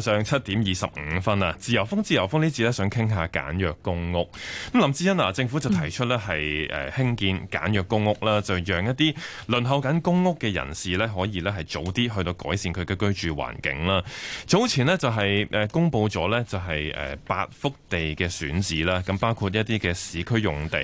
上七點二十五分啊！自由風，自由風呢次咧想傾下簡約公屋。咁林志恩啊，政府就提出呢係誒興建簡約公屋啦，就讓一啲輪候緊公屋嘅人士呢可以呢係早啲去到改善佢嘅居住環境啦。早前呢就係誒公布咗呢就係誒八幅地嘅選址啦，咁包括一啲嘅市區用地。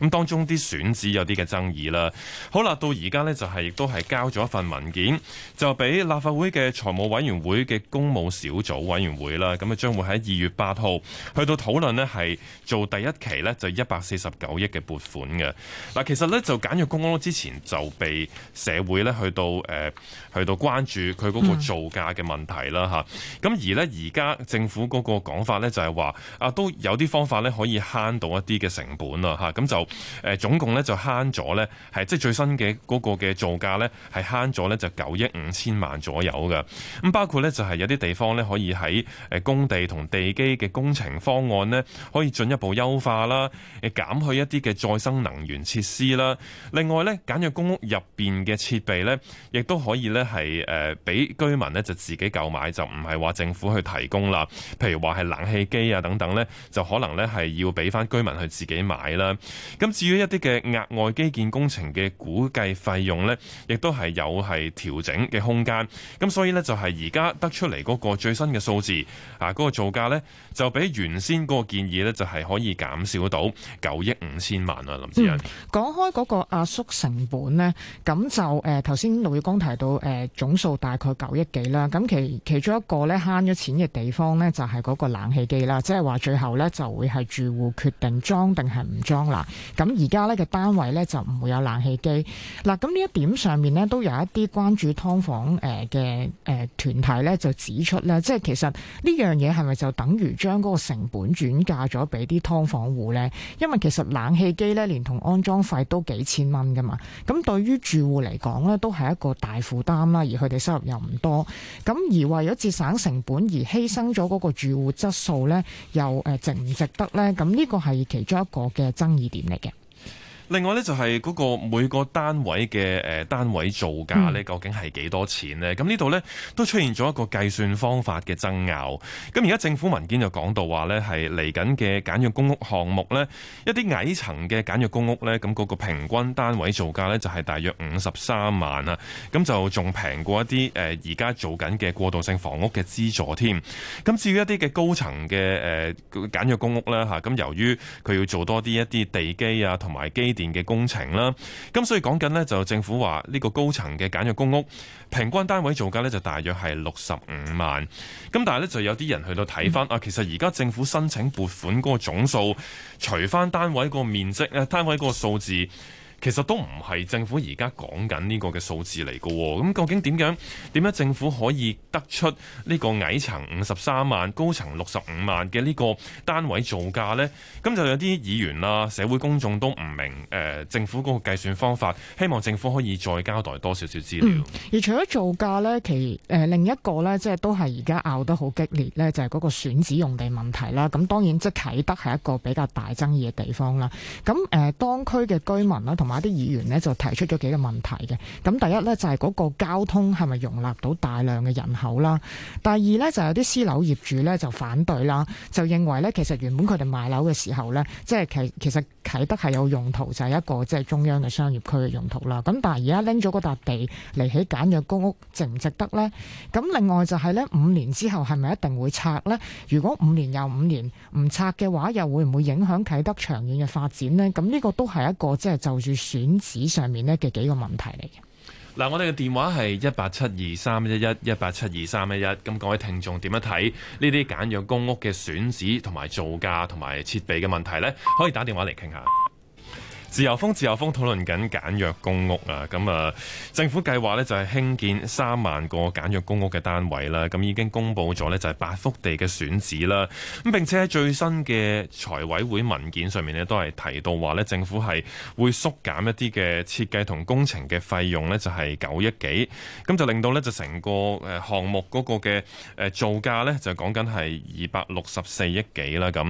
咁當中啲選址有啲嘅爭議啦。好啦，到而家呢就係亦都係交咗一份文件，就俾立法會嘅財務委員會嘅工務小。小組委員會啦，咁啊將會喺二月八號去到討論呢，係做第一期呢，就一百四十九億嘅撥款嘅。嗱，其實呢就簡約公屋之前就被社會呢去到誒、呃、去到關注佢嗰個造價嘅問題啦吓，咁、嗯、而呢，而家政府嗰個講法呢，就係話啊都有啲方法呢可以慳到一啲嘅成本啦吓，咁、啊、就誒、呃、總共呢就慳咗呢，係即係最新嘅嗰個嘅造價呢，係慳咗呢，就九億五千萬左右嘅。咁包括呢，就係、是、有啲地方，可以喺誒工地同地基嘅工程方案咧，可以進一步優化啦，誒減去一啲嘅再生能源設施啦。另外咧，簡約公屋入邊嘅設備咧，亦都可以咧係誒俾居民咧就自己購買，就唔係話政府去提供啦。譬如話係冷氣機啊等等咧，就可能咧係要俾翻居民去自己買啦。咁至於一啲嘅額外基建工程嘅估計費用咧，亦都係有係調整嘅空間，咁所以咧就係而家得出嚟嗰個最最新嘅數字啊，嗰個造價咧就比原先個建議咧就係、是、可以減少到九億五千萬啊！林志恩講、嗯、開嗰個壓縮成本咧，咁就誒頭先盧偉光提到誒、呃、總數大概九億幾啦。咁其其中一個咧慳咗錢嘅地方咧就係、是、嗰個冷氣機啦，即係話最後咧就會係住戶決定裝定係唔裝啦。咁而家咧嘅單位咧就唔會有冷氣機嗱。咁呢一點上面咧都有一啲關注劏房誒嘅誒團體咧就指出咧。即係其實呢樣嘢係咪就等於將嗰個成本轉嫁咗俾啲劏房戶呢？因為其實冷氣機呢連同安裝費都幾千蚊噶嘛，咁對於住戶嚟講呢，都係一個大負擔啦，而佢哋收入又唔多，咁而為咗節省成本而犧牲咗嗰個住戶質素呢，又誒值唔值得呢？咁呢個係其中一個嘅爭議點嚟嘅。另外呢，就係嗰個每個單位嘅誒單位造價咧，究竟係幾多錢咧？咁呢度咧都出現咗一個計算方法嘅爭拗。咁而家政府文件就講到話咧，係嚟緊嘅簡約公屋項目咧，一啲矮層嘅簡約公屋咧，咁嗰個平均單位造價咧就係大約五十三萬啊。咁就仲平過一啲誒而家做緊嘅過渡性房屋嘅資助添。咁至於一啲嘅高層嘅誒簡約公屋咧吓，咁由於佢要做多啲一啲地基啊同埋基。電嘅工程啦，咁所以講緊呢，就政府話呢個高層嘅簡約公屋平均單位造價呢，就大約係六十五萬。咁但係呢，就有啲人去到睇翻、嗯、啊，其實而家政府申請撥款嗰個總數除翻單位個面積、單位個數字。其實都唔係政府而家講緊呢個嘅數字嚟噶，咁究竟點樣點樣政府可以得出呢個矮層五十三萬、高層六十五萬嘅呢個單位造價呢？咁就有啲議員啦、啊、社會公眾都唔明誒、呃，政府嗰個計算方法。希望政府可以再交代多少少資料、嗯。而除咗造價呢，其誒、呃、另一個呢，即係都係而家拗得好激烈呢，就係、是、嗰個選址用地問題啦。咁當然即係啟德係一個比較大爭議嘅地方啦。咁誒、呃，當區嘅居民啦，同同埋啲議員咧就提出咗幾個問題嘅，咁第一咧就係嗰個交通係咪容納到大量嘅人口啦？第二咧就有啲私樓業主咧就反對啦，就認為咧其實原本佢哋買樓嘅時候咧，即係其其實。啟德係有用途，就係、是、一個即係中央嘅商業區嘅用途啦。咁但係而家拎咗嗰笪地嚟起簡約公屋，值唔值得呢？咁另外就係呢五年之後係咪一定會拆呢？如果五年又五年唔拆嘅話，又會唔會影響啟德長遠嘅發展呢？咁呢個都係一個即係就住選址上面咧嘅幾個問題嚟嘅。嗱，我哋嘅電話係一八七二三一一一八七二三一一，咁各位聽眾點樣睇呢啲簡約公屋嘅選址同埋造價同埋設備嘅問題咧？可以打電話嚟傾下。自由風自由風討論緊簡約公屋啊！咁啊，政府計劃咧就係興建三萬個簡約公屋嘅單位啦。咁已經公布咗咧，就係八幅地嘅選址啦。咁並且喺最新嘅財委會文件上面咧，都係提到話咧，政府係會縮減一啲嘅設計同工程嘅費用咧，就係九億幾。咁就令到咧就成個誒項目嗰個嘅誒造價咧，就講緊係二百六十四億幾啦。咁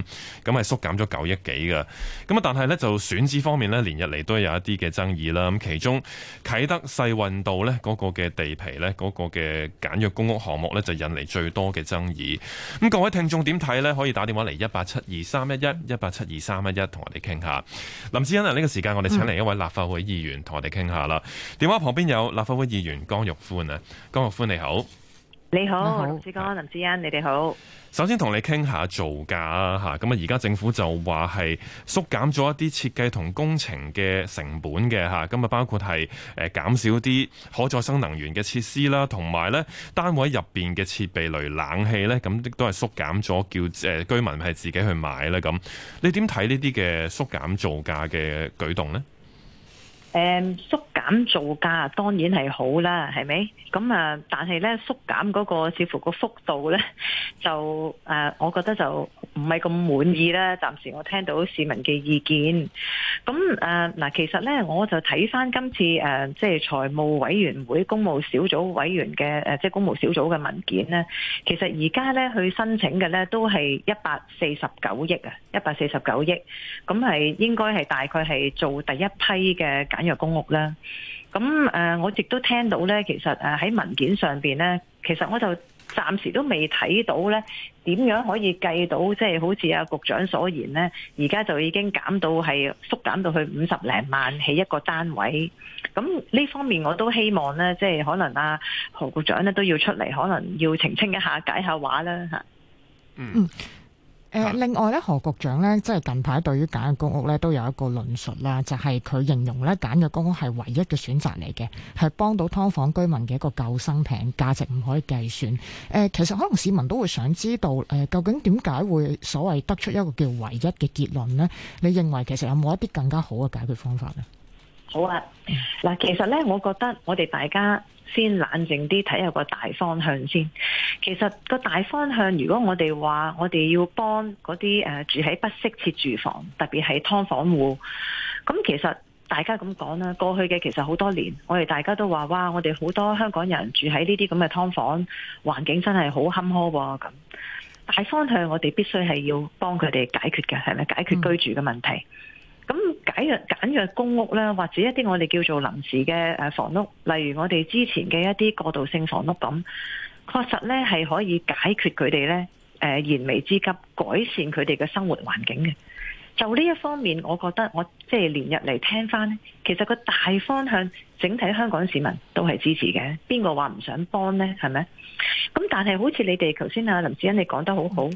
咁係縮減咗九億幾嘅。咁啊，但係咧就選址方面，呢連日嚟，都有一啲嘅爭議啦，咁其中啟德世運道呢嗰個嘅地皮呢，嗰個嘅簡約公屋項目呢，就引嚟最多嘅爭議。咁各位聽眾點睇呢？可以打電話嚟一八七二三一一一八七二三一一同我哋傾下。林志欣啊，呢個時間我哋請嚟一位立法會議員同我哋傾下啦。電話旁邊有立法會議員江玉歡啊，江玉歡你好。你好，你好林志剛，是林志恩，你哋好。首先同你傾下造價啊，吓，咁啊，而家政府就話係縮減咗一啲設計同工程嘅成本嘅吓，咁啊包括係誒減少啲可再生能源嘅設施啦，同埋咧單位入邊嘅設備類，如冷氣咧，咁亦都係縮減咗，叫誒居民係自己去買啦。咁你點睇呢啲嘅縮減造價嘅舉動呢？誒、呃，縮。咁造價當然係好啦，係咪？咁啊，但係咧，縮減嗰個似乎個幅度咧，就誒，我覺得就唔係咁滿意啦。暫時我聽到市民嘅意見。咁誒，嗱，其實咧，我就睇返今次誒，即係財務委員會公務小組委員嘅誒，即係公務小組嘅文件咧。其實而家咧，佢申請嘅咧都係一百四十九億啊，一百四十九億。咁係應該係大概係做第一批嘅簡約公屋啦。咁誒、呃，我亦都聽到咧，其實喺文件上面咧，其實我就暫時都未睇到咧，點樣可以計到，即係好似阿局長所言咧，而家就已經減到係縮減到去五十零萬起一個單位。咁呢方面我都希望咧，即係可能阿何局長咧都要出嚟，可能要澄清一下、解下話啦嚇。嗯。誒，另外咧，何局長咧，即係近排對於簡約公屋咧，都有一個論述啦，就係、是、佢形容咧，簡約公屋係唯一嘅選擇嚟嘅，係幫到劏房居民嘅一個救生艇，價值唔可以計算。誒，其實可能市民都會想知道，誒，究竟點解會所謂得出一個叫唯一嘅結論呢？你認為其實有冇一啲更加好嘅解決方法呢？好啊！嗱，其實咧，我覺得我哋大家先冷靜啲睇下個大方向先。其實個大方向，如果我哋話我哋要幫嗰啲誒住喺不適切住房，特別係劏房戶，咁其實大家咁講啦，過去嘅其實好多年，我哋大家都話哇，我哋好多香港人住喺呢啲咁嘅劏房，環境真係好坎坷咁。大方向我哋必須係要幫佢哋解決嘅，係咪解決居住嘅問題？嗯咁簡約簡約公屋咧，或者一啲我哋叫做臨時嘅誒房屋，例如我哋之前嘅一啲過渡性房屋咁，確實咧係可以解決佢哋咧誒燃眉之急，改善佢哋嘅生活環境嘅。就呢一方面，我覺得我即係連日嚟聽返，其實個大方向整體香港市民都係支持嘅。邊個話唔想幫呢？係咪？咁但係好似你哋頭先啊林志欣你講得好好，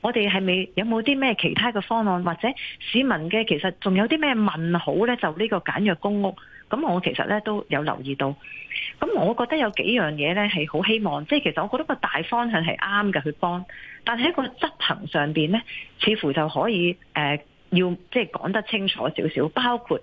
我哋係咪有冇啲咩其他嘅方案，或者市民嘅其實仲有啲咩問號呢？就呢個簡約公屋，咁我其實呢都有留意到。咁我覺得有幾樣嘢呢係好希望，即係其實我覺得個大方向係啱嘅去幫，但係喺個執行上面呢，似乎就可以、呃要即係講得清楚少少，包括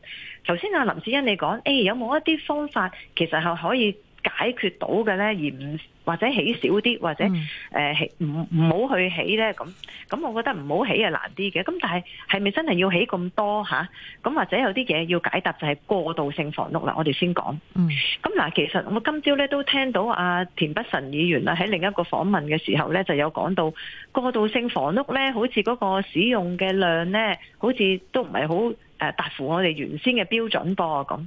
頭先啊林志欣你講誒、欸，有冇一啲方法其實係可以。解決到嘅呢，而唔或者起少啲，或者誒唔唔好去起呢，咁咁我覺得唔好起啊難啲嘅。咁但係係咪真係要起咁多吓？咁或者有啲嘢要解答就係過渡性房屋啦。我哋先講。嗯。咁嗱，其實我今朝呢都聽到阿田北辰議員啦喺另一個訪問嘅時候呢就有講到過渡性房屋呢，好似嗰個使用嘅量呢，好似都唔係好誒達乎我哋原先嘅標準噃咁。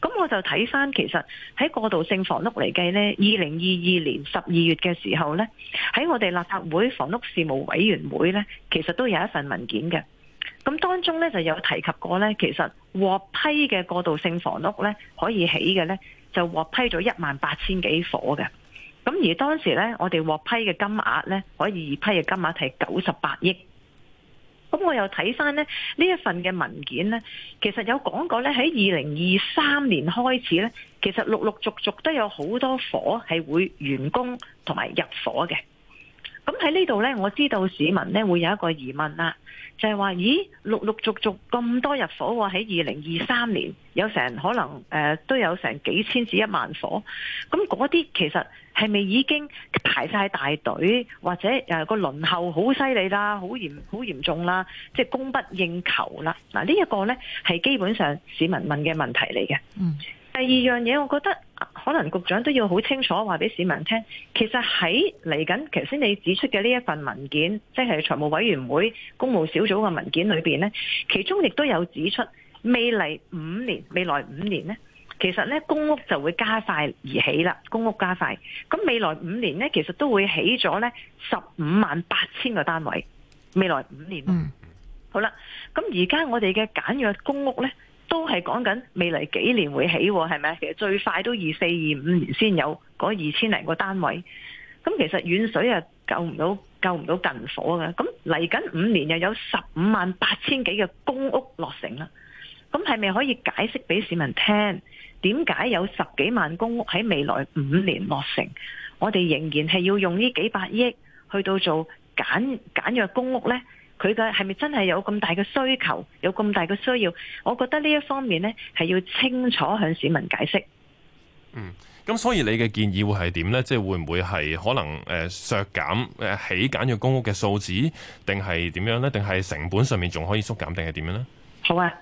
咁我就睇返，其實喺過渡性房屋嚟計呢，二零二二年十二月嘅時候呢，喺我哋立法會房屋事務委員會呢，其實都有一份文件嘅。咁當中呢，就有提及過呢，其實獲批嘅過渡性房屋呢，可以起嘅呢，就獲批咗一萬八千幾伙嘅。咁而當時呢，我哋獲批嘅金額呢，可以獲批嘅金額係九十八億。咁我又睇翻呢，呢一份嘅文件呢，其實有講過呢，喺二零二三年開始呢，其實陸陸續續都有好多伙係會完工同埋入伙嘅。咁喺呢度呢，我知道市民呢會有一個疑問啦，就係話：咦，陸陸續續咁多入伙喎，喺二零二三年有成可能誒，都有成幾千至一萬伙。咁嗰啲其實係咪已經排晒大隊，或者誒個輪候好犀利啦，好嚴好嚴重啦，即係供不應求啦？嗱，呢一個呢係基本上市民問嘅問題嚟嘅。嗯，第二樣嘢，我覺得。可能局長都要好清楚話俾市民聽，其實喺嚟緊，其先你指出嘅呢一份文件，即係財務委員會公務小組嘅文件裏面，呢其中亦都有指出，未來五年、未來五年呢，其實呢公屋就會加快而起啦，公屋加快。咁未來五年呢，其實都會起咗呢十五萬八千個單位。未來五年，嗯，好啦，咁而家我哋嘅簡約公屋呢。都係講緊未來幾年會起，係咪啊？其實最快都二四二五年先有嗰二千零個單位。咁其實遠水啊救唔到救唔到近火嘅。咁嚟緊五年又有十五萬八千幾嘅公屋落成啦。咁係咪可以解釋俾市民聽，點解有十幾萬公屋喺未來五年落成，我哋仍然係要用呢幾百億去到做簡簡約公屋呢。佢嘅係咪真係有咁大嘅需求，有咁大嘅需要？我覺得呢一方面呢係要清楚向市民解釋。嗯，咁所以你嘅建議會係點呢？即係會唔會係可能、呃、削減、呃、起簡約公屋嘅數字，定係點樣呢？定係成本上面仲可以縮減，定係點樣呢？好啊，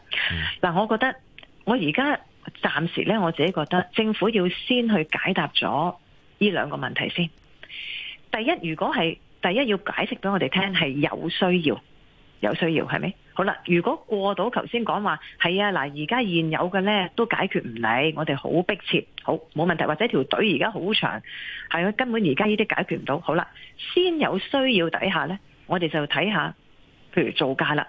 嗱、嗯，我覺得我而家暫時呢，我自己覺得政府要先去解答咗呢兩個問題先。第一，如果係第一要解釋俾我哋聽，係有需要，有需要係咪？好啦，如果過到頭先講話係啊，嗱，而家現有嘅呢都解決唔嚟，我哋好迫切，好冇問題，或者條隊而家好長，係啊，根本而家呢啲解決唔到，好啦，先有需要底下呢，我哋就睇下，譬如造價啦，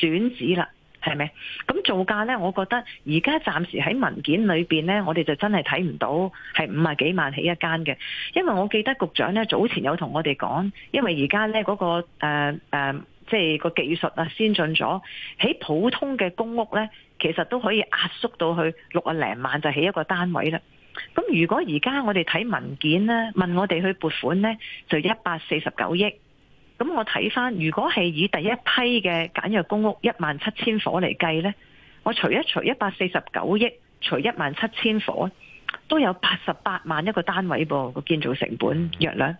選址啦。係咪？咁造價呢，我覺得而家暫時喺文件裏面呢，我哋就真係睇唔到係五十幾萬起一間嘅，因為我記得局長呢，早前有同我哋講，因為而家呢嗰、嗰個誒、呃呃、即係個技術啊先進咗，喺普通嘅公屋呢，其實都可以壓縮到去六啊零萬就起一個單位啦。咁如果而家我哋睇文件呢，問我哋去撥款呢，就一百四十九億。咁我睇翻，如果係以第一批嘅簡約公屋一萬七千伙嚟計呢，我除一除一百四十九億，除一萬七千伙，都有八十八萬一個單位喎，個建造成本約略。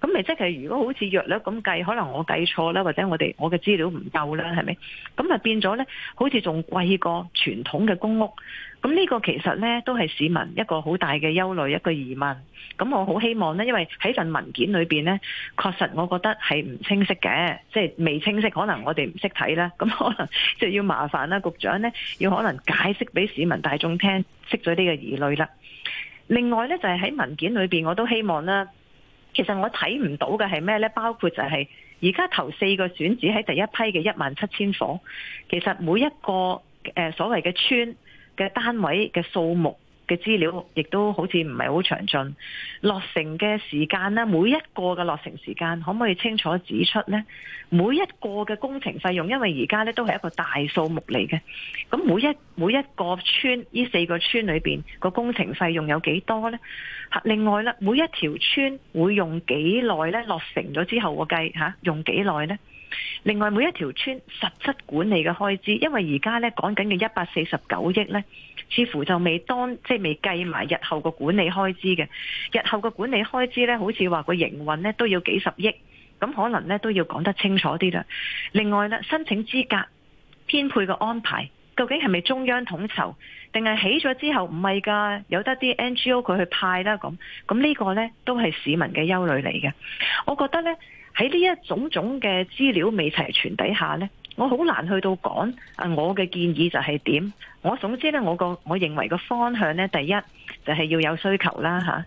咁咪即係如果好似約略咁計，可能我計錯啦，或者我哋我嘅資料唔夠啦，係咪？咁啊變咗呢，好似仲貴過傳統嘅公屋。咁呢個其實呢，都係市民一個好大嘅憂慮，一個疑問。咁我好希望呢，因為喺份文件裏面呢，確實我覺得係唔清晰嘅，即係未清晰，可能我哋唔識睇啦。咁可能即係要麻煩啦，局長呢，要可能解釋俾市民大眾聽，熄咗呢個疑慮啦。另外呢，就係、是、喺文件裏面，我都希望呢，其實我睇唔到嘅係咩呢？包括就係而家頭四個選址喺第一批嘅一萬七千房，其實每一個、呃、所謂嘅村，嘅單位嘅數目嘅資料，亦都好似唔係好詳盡。落成嘅時間呢，每一個嘅落成時間可唔可以清楚指出呢？每一個嘅工程費用，因為而家呢都係一個大數目嚟嘅。咁每一每一個村，呢四個村裏邊個工程費用有幾多呢？另外呢，每一條村會用幾耐呢？落成咗之後我計吓、啊，用幾耐呢？另外每一條村實質管理嘅開支，因為而家咧講緊嘅一百四十九億咧，似乎就未當即係未計埋日後個管理開支嘅。日後個管理開支咧，好似話個營運咧都要幾十億，咁可能咧都要講得清楚啲啦。另外咧，申請資格、編配嘅安排，究竟係咪中央統籌，定係起咗之後唔係噶？有得啲 NGO 佢去派啦，咁咁呢個咧都係市民嘅憂慮嚟嘅。我覺得咧。喺呢一種種嘅資料未齊全底下呢，我好難去到講啊！我嘅建議就係點？我總之呢，我個我認為個方向呢，第一就係、是、要有需求啦嚇。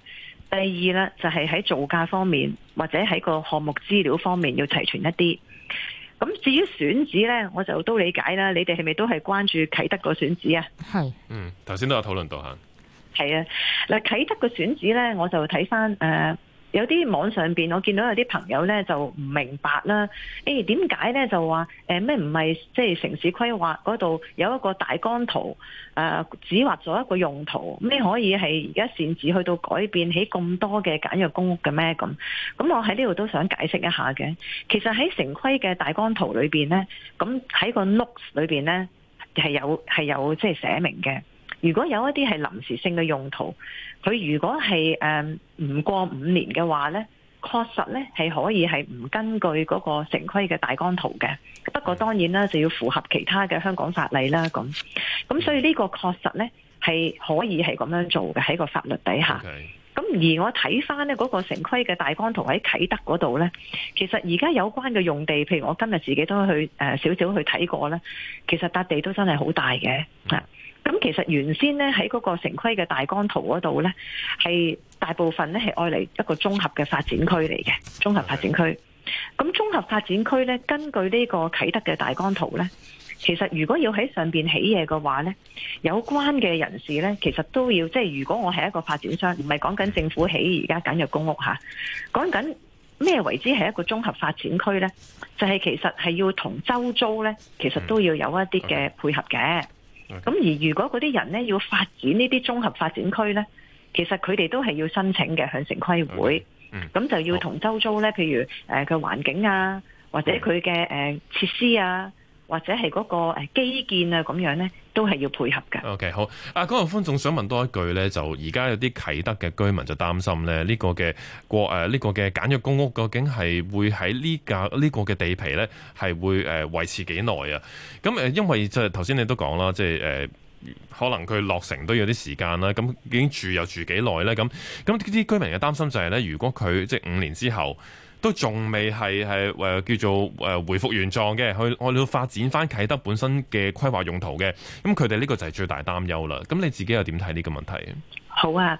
第二呢，就係、是、喺造價方面或者喺個項目資料方面要齊全一啲。咁至於選址呢，我就都理解啦。你哋係咪都係關注啟德個選址啊？係是。嗯，頭先都有討論到嚇。係啊，嗱，啟德個選址呢，我就睇翻誒。呃有啲網上面我見到有啲朋友咧就唔明白啦。誒點解咧就話咩唔係即係城市規劃嗰度有一個大綱圖，誒、呃、只畫咗一個用途，咩可以係而家擅自去到改變起咁多嘅簡約公屋嘅咩咁？咁我喺呢度都想解釋一下嘅。其實喺城規嘅大綱圖裏面咧，咁喺個 note 裏面咧係有係有即係寫明嘅。如果有一啲係臨時性嘅用途，佢如果係誒唔過五年嘅話咧，確實咧係可以係唔根據嗰個城規嘅大綱圖嘅。不過當然啦，就要符合其他嘅香港法例啦。咁咁所以呢個確實咧係可以係咁樣做嘅喺個法律底下。咁 Okay. 而我睇返咧嗰個城規嘅大綱圖喺啟德嗰度咧，其實而家有關嘅用地，譬如我今日自己都去誒少少去睇過咧，其實笪地都真係好大嘅。咁其實原先咧喺嗰個城規嘅大江圖嗰度咧，係大部分咧係愛嚟一個綜合嘅發展區嚟嘅，綜合發展區。咁綜合發展區咧，根據呢個啟德嘅大江圖咧，其實如果要喺上邊起嘢嘅話咧，有關嘅人士咧，其實都要即係，如果我係一個發展商，唔係講緊政府起而家簡約公屋嚇，講緊咩為之係一個綜合發展區咧，就係、是、其實係要同周遭咧，其實都要有一啲嘅配合嘅。咁 Okay. 而如果嗰啲人咧要發展呢啲綜合發展區咧，其實佢哋都係要申請嘅，向城規會，咁 Okay .、mm. 就要同周遭咧，譬如，誒佢環境啊，或者佢嘅誒設施啊。或者係嗰個基建啊咁樣咧，都係要配合㗎。OK，好。啊，江玉歡仲想問多一句咧，就而家有啲啟德嘅居民就擔心咧，呢個嘅過誒呢個嘅簡約公屋，究竟係會喺呢個呢個嘅地皮咧，係會誒、呃、維持幾耐啊？咁誒，因為即係頭先你都講啦，即係誒可能佢落成都要啲時間啦。咁已經住又住幾耐咧？咁咁啲居民嘅擔心就係、係、咧，如果佢即係五年之後，都仲未係係誒叫做誒、呃、回復原狀嘅，去我哋要發展翻啟德本身嘅規劃用途嘅。咁佢哋呢個就係最大擔憂啦。咁、嗯、你自己又點睇呢個問題？好啊，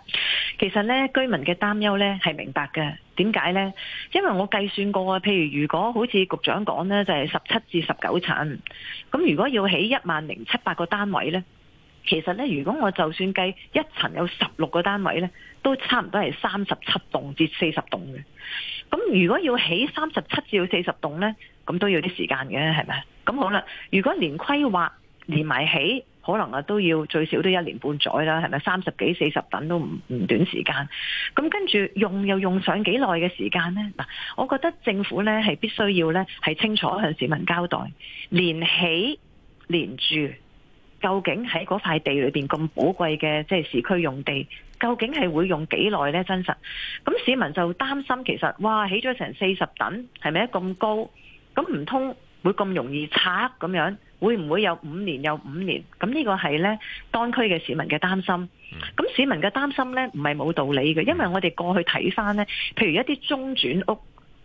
其實呢，居民嘅擔憂呢係明白嘅。點解呢？因為我計算過，譬如，如果好似局長講呢，就係十七至十九層，咁如果要起一萬零七百個單位呢，其實呢，如果我就算計一層有十六個單位呢，都差唔多係三十七棟至四十棟嘅。咁如果要起三十七至到四十棟呢，咁都要啲時間嘅，係咪？咁好啦，如果連規劃、連埋起，可能啊都要最少都一年半載啦，係咪？三十幾、四十等都唔唔短時間。咁跟住用又用上幾耐嘅時間呢？嗱，我覺得政府呢係必須要呢，係清楚向市民交代，連起連住，究竟喺嗰塊地裏面咁寶貴嘅即係市區用地。究竟係會用幾耐呢？真實咁市民就擔心，其實哇起咗成四十層，係咪咁高？咁唔通會咁容易拆咁樣？會唔會有五年又五年？咁呢個係呢，當區嘅市民嘅擔心。咁市民嘅擔心呢，唔係冇道理嘅，因為我哋過去睇返呢，譬如一啲中轉屋。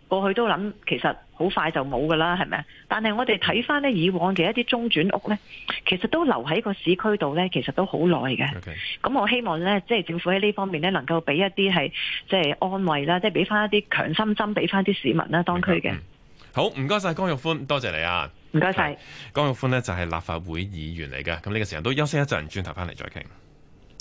過去都諗其實好快就冇噶啦，係咪啊？但係我哋睇翻呢以往嘅一啲中轉屋呢，其實都留喺個市區度呢，其實都好耐嘅。咁 Okay. 我希望呢，即係政府喺呢方面呢，能夠俾一啲係即係安慰啦，即係俾翻一啲強心針，俾翻啲市民啦，當區嘅好唔該晒，江玉歡多謝你啊，唔該晒江玉歡呢，就係立法會議員嚟嘅。咁呢個時間都休息一陣，轉頭翻嚟再傾。